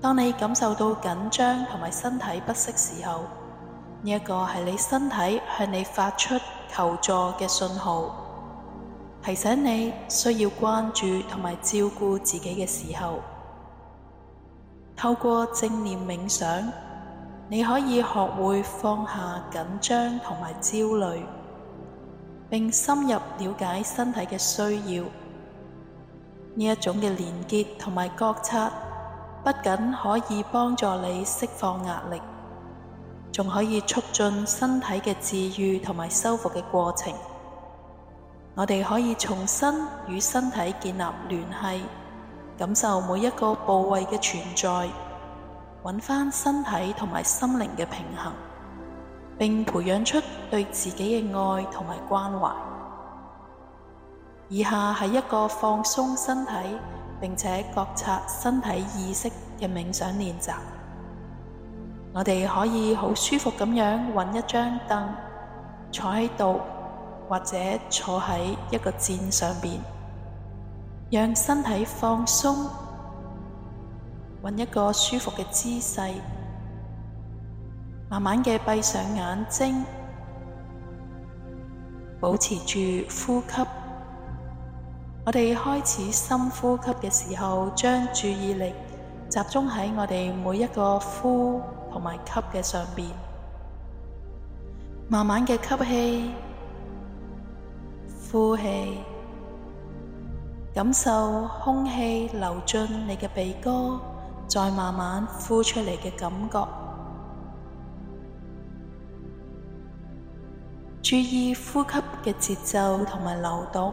當你感受到緊張同埋身體不適時候，呢一個係你身體向你發出求助嘅信號，提醒你需要關注同埋照顧自己嘅時候。透過正念冥想，你可以學會放下緊張同埋焦慮，並深入了解身體嘅需要。呢一種嘅連結同埋覺察。不僅可以幫助你釋放壓力，仲可以促進身體嘅自愈同埋修復嘅過程。我哋可以重新與身體建立聯繫，感受每一個部位嘅存在，揾翻身體同埋心靈嘅平衡，並培養出對自己嘅愛同埋關懷。以下係一個放鬆身體，並且覺察身體意識嘅冥想練習，我哋可以好舒服咁樣揾一張凳坐喺度，或者坐喺一個墊上邊，讓身體放鬆，揾一個舒服嘅姿勢，慢慢嘅閉上眼睛，保持住呼吸。我哋開始深呼吸嘅時候，將注意力集中喺我哋每一個呼同埋吸嘅上邊，慢慢嘅吸氣、呼氣，感受空氣流進你嘅鼻哥，再慢慢呼出嚟嘅感覺。注意呼吸嘅節奏同埋流動。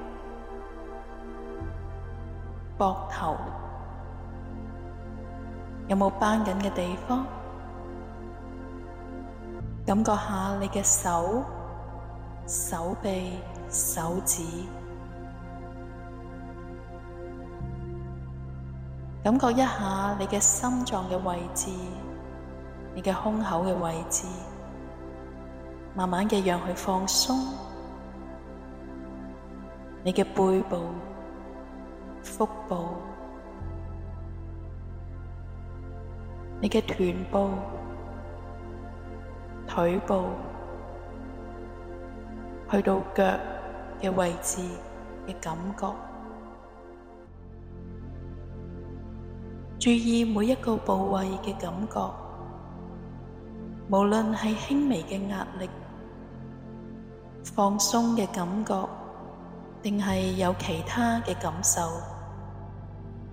膊頭有冇繃緊嘅地方？感覺下你嘅手、手臂、手指，感覺一下你嘅心臟嘅位置，你嘅胸口嘅位置，慢慢嘅讓佢放鬆，你嘅背部。腹部、你嘅臀部、腿部，去到腳嘅位置嘅感覺，注意每一個部位嘅感覺，無論係輕微嘅壓力、放鬆嘅感覺，定係有其他嘅感受。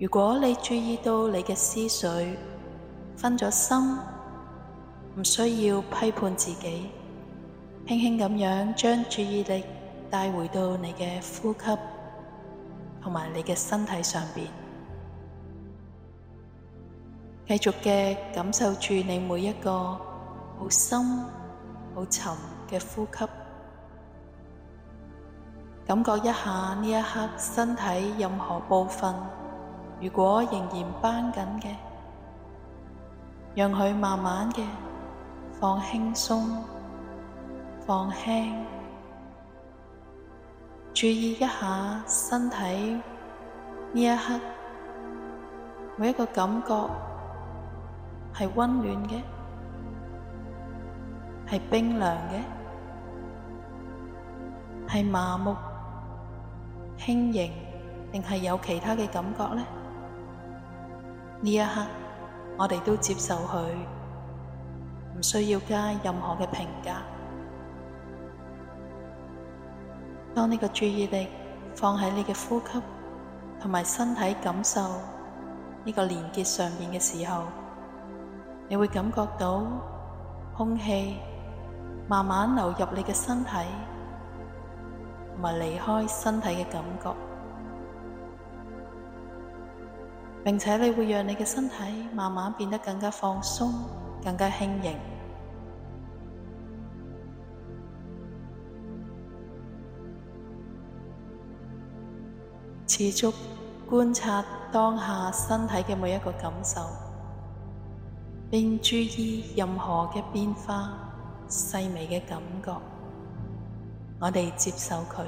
如果你注意到你嘅思緒分咗心，唔需要批判自己，輕輕咁樣，將注意力帶回到你嘅呼吸同埋你嘅身體上面，繼續嘅感受住你每一個好深好沉嘅呼吸，感覺一下呢一刻身體任何部分。如果仍然繃緊嘅，讓佢慢慢嘅放輕鬆，放輕，注意一下身體，呢一刻，每一個感覺係溫暖嘅，係冰涼嘅，係麻木、輕盈，定係有其他嘅感覺呢？呢一刻，我哋都接受佢，唔需要加任何嘅評價。當你嘅注意力放喺你嘅呼吸同埋身體感受呢個連結上面嘅時候，你會感覺到空氣慢慢流入你嘅身體同埋離開身體嘅感覺。並且你會讓你嘅身體慢慢變得更加放鬆，更加輕盈。持續觀察當下身體嘅每一個感受，並注意任何嘅變化、細微嘅感覺。我哋接受佢，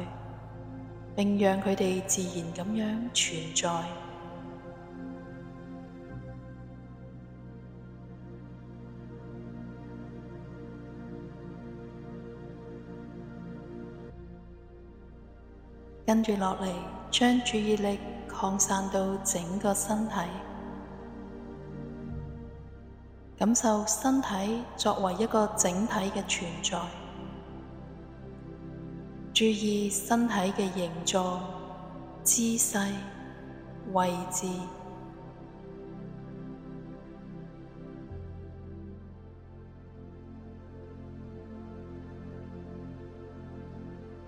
並讓佢哋自然咁樣存在。跟住落嚟，將注意力擴散到整個身體，感受身體作為一個整體嘅存在，注意身體嘅形狀、姿勢、位置。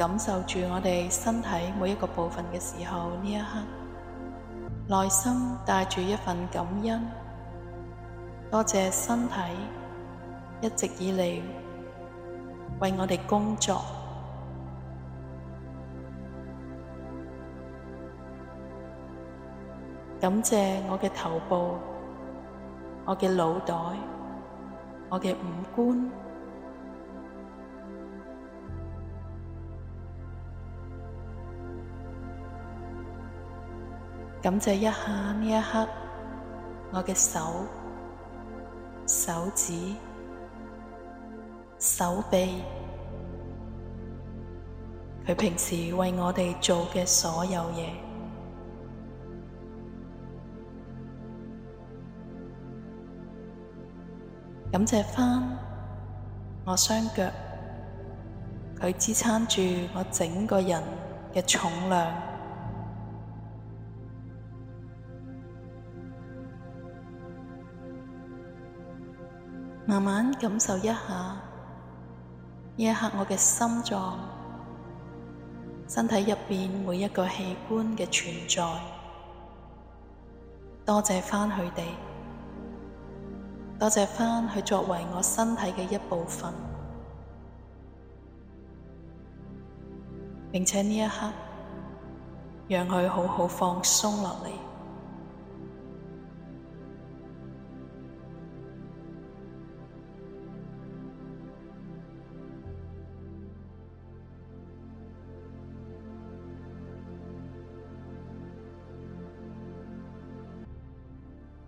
感受住我哋身體每一個部分嘅時候，呢一刻，內心帶住一份感恩，多謝身體一直以嚟為我哋工作，感謝我嘅頭部，我嘅腦袋，我嘅五官。感謝一下呢一刻，我嘅手、手指、手臂，佢平時為我哋做嘅所有嘢。感謝返我雙腳，佢支撐住我整個人嘅重量。慢慢感受一下，呢一刻我嘅心臟、身體入邊每一個器官嘅存在，多謝翻佢哋，多謝翻佢作為我身體嘅一部分，並且呢一刻讓佢好好放鬆落嚟。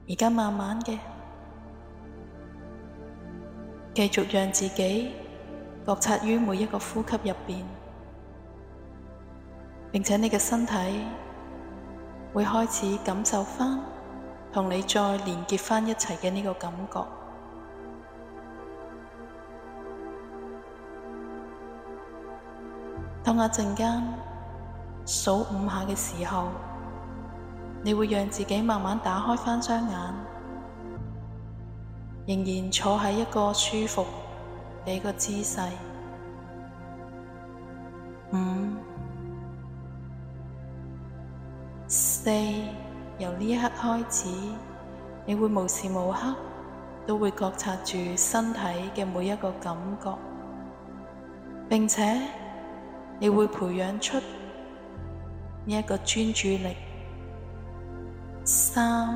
而家慢慢嘅，繼續讓自己覺察於每一個呼吸入邊，並且你嘅身體會開始感受返同你再連結返一齊嘅呢個感覺。等一陣間數五下嘅時候。你會讓自己慢慢打開翻雙眼，仍然坐喺一個舒服嘅個姿勢。五、四，由呢一刻開始，你會無時無刻都會覺察住身體嘅每一個感覺，並且你會培養出呢一個專注力。三，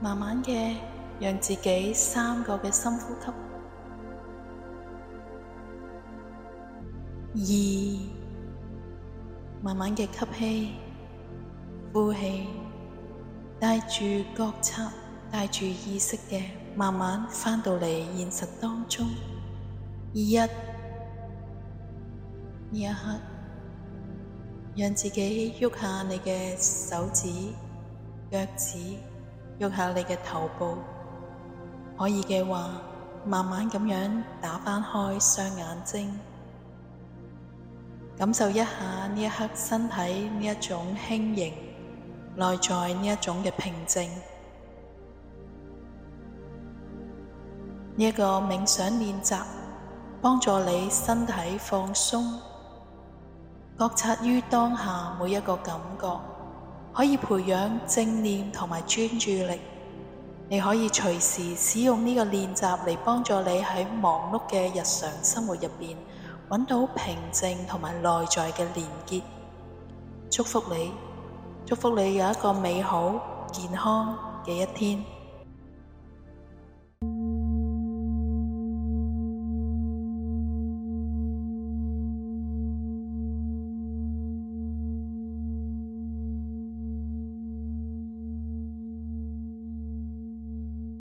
慢慢嘅讓自己三個嘅深呼吸；二，慢慢嘅吸氣、呼氣，帶住覺察，帶住意識嘅慢慢返到嚟現實當中；一，呢一刻，讓自己郁下你嘅手指。腳趾喐下你嘅頭部，可以嘅話，慢慢咁樣打翻開雙眼睛，感受一下呢一刻身體呢一種輕盈，內在呢一種嘅平靜。呢一個冥想練習，幫助你身體放鬆，覺察於當下每一個感覺。可以培養正念同埋專注力，你可以隨時使用呢個練習嚟幫助你喺忙碌嘅日常生活入面揾到平靜同埋內在嘅連結。祝福你，祝福你有一個美好、健康嘅一天。